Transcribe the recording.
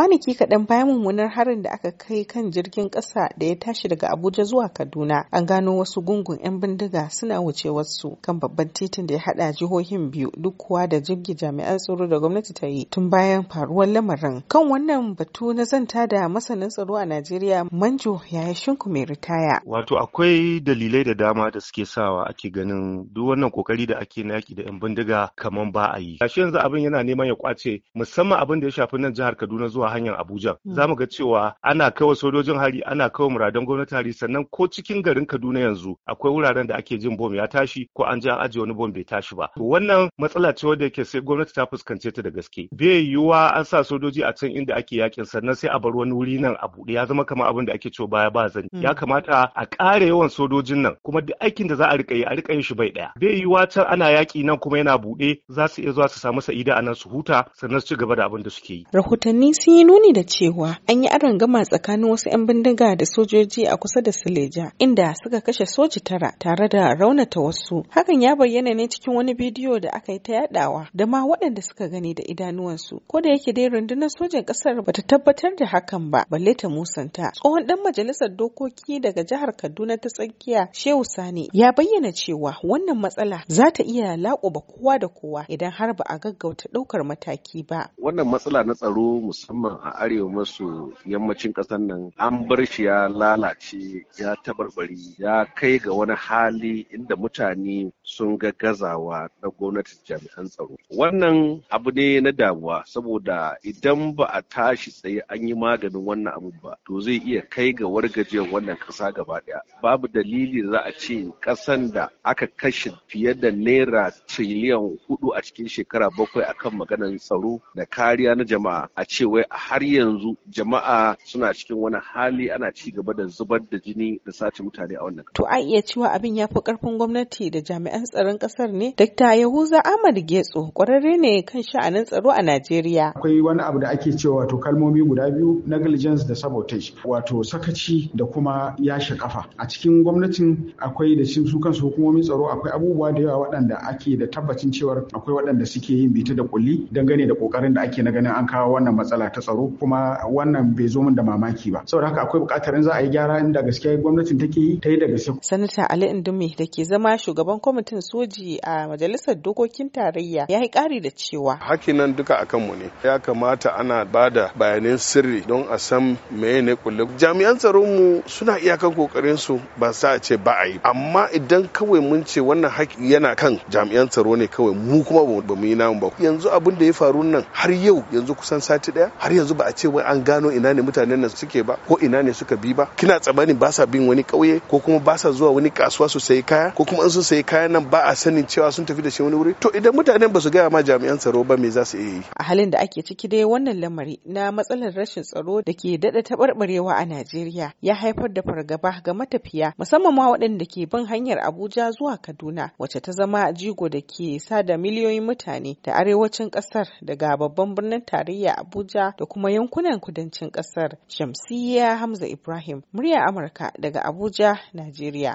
Kwanaki kaɗan bayan mummunar harin da aka kai kan jirgin ƙasa da ya tashi daga Abuja zuwa Kaduna, an gano wasu gungun 'yan bindiga suna wuce wasu kan babban titin da ya haɗa jihohin biyu duk kuwa da jirgi jami'an tsaro da gwamnati ta yi tun bayan faruwar lamarin. Kan wannan batu na zanta da masanin tsaro a Najeriya Manjo Yaya Shinku mai ritaya. Wato akwai dalilai da dama da suke sawa ake ganin duk wannan kokari da ake na yaki da 'yan bindiga kamar ba a yi. Gashi yanzu abin yana neman ya kwace musamman abin da ya shafi nan jihar Kaduna zuwa hanyar Abuja. Hmm. Za mu ga cewa ana kawo sojojin hari, ana kawo muradan gwamnati hari sannan ko cikin garin Kaduna yanzu akwai wuraren da ake jin bom ya tashi ko an ji an ajiye wani bom bai tashi ba. To wannan matsala ce wadda yake sai gwamnati ta fuskance ta da gaske. Bai yiwuwa an sa sojoji a can inda ake yakin sannan sai a bar wani wuri nan a buɗe ya zama kamar abin da ake cewa baya ba zani. Hmm. Ya kamata a ƙara yawan sojojin nan kuma duk aikin da za a riƙa yi a riƙa yin shi bai ɗaya. Bai yiwuwa can ana yaƙi nan kuma yana buɗe za su iya zuwa su samu sa'ida a nan su huta sannan su ci gaba da abin da suke yi. Rahotanni sun yi nuni da cewa an yi aron gama tsakanin wasu 'yan bindiga da sojoji a kusa da suleja, inda suka kashe soji tara tare da raunata wasu. Hakan ya bayyana ne cikin wani bidiyo da aka yi ta yadawa da ma waɗanda suka gani da idanuwansu. Ko da yake dai rundunar sojan ƙasar ba ta tabbatar da hakan ba balle ta musanta. Tsohon ɗan majalisar dokoki daga jihar Kaduna ta tsakiya Shehu Sani ya bayyana cewa wannan matsala za ta iya laƙuba kowa da kowa idan har ba a gaggauta ɗaukar mataki ba. Wannan matsala na tsaro musamman musamman a arewa maso yammacin ƙasar nan an bar shi ya lalace ya tabarbari ya kai ga wani hali inda mutane sun ga gazawa na gwamnati jami'an tsaro wannan abu ne na damuwa saboda idan ba a tashi tsaye an yi maganin wannan abu ba to zai iya kai ga wargajiyar wannan ƙasa gaba ɗaya babu dalili za a ce kasan da aka kashe fiye da naira triliyan hudu a cikin shekara bakwai akan maganar tsaro da kariya na jama'a a ce wai a har yanzu jama'a suna cikin wani hali ana ci gaba da zubar da jini da sace mutane a wannan to a iya cewa abin ya fi karfin gwamnati da jami'an tsaron kasar ne Dr yahuza ahmad getso kwararre ne kan sha'anin tsaro a najeriya akwai wani abu da ake cewa wato kalmomi guda biyu negligence da sabotage wato sakaci da kuma yashe kafa a cikin gwamnatin akwai da su kansu hukumomin tsaro akwai abubuwa da yawa waɗanda ake da tabbacin cewar akwai waɗanda suke yin bita da kulli dangane da kokarin da ake na ganin an kawo wannan matsala ta tsaro kuma wannan bai zo min da mamaki ba saboda haka akwai buƙatar in za a yi gyara inda gaskiya gwamnatin take yi ta yi da gaske sanata ali indumi da ke zama shugaban kwamitin soji a majalisar dokokin tarayya ya yi ƙari da cewa nan duka akan mu ne ya kamata ana ba da bayanan sirri don a san meye ne kulle jami'an tsaron mu suna iyakan kokarin su ba sa a ce ba a yi amma idan kawai mun ce wannan haƙƙi yana kan jami'an tsaro ne kawai mu kuma ba mu yi namu ba yanzu abin da ya faru nan har yau yanzu kusan sati ɗaya har yanzu ba a ce wai an gano ina ne mutanen nan suke ba ko ina ne suka bi ba kina tsammanin ba sa bin wani kauye ko kuma ba sa zuwa wani kasuwa su sayi kaya ko kuma an su sayi kaya nan ba a sanin cewa sun tafi da shi wani wuri to idan mutanen ba su gaya ma jami'an tsaro ba me za su iya yi a halin da ake ciki dai wannan lamari na matsalar rashin tsaro da ke daɗa taɓarɓarewa a Najeriya ya haifar da fargaba ga matafiya musamman ma waɗanda ke bin hanyar Abuja zuwa Kaduna wace ta zama jigo da ke sa da miliyoyin mutane da arewacin ƙasar daga babban birnin tarayya Abuja da kuma yankunan kudancin kasar. Shamsiyya Hamza Ibrahim, murya Amurka daga Abuja, Najeriya.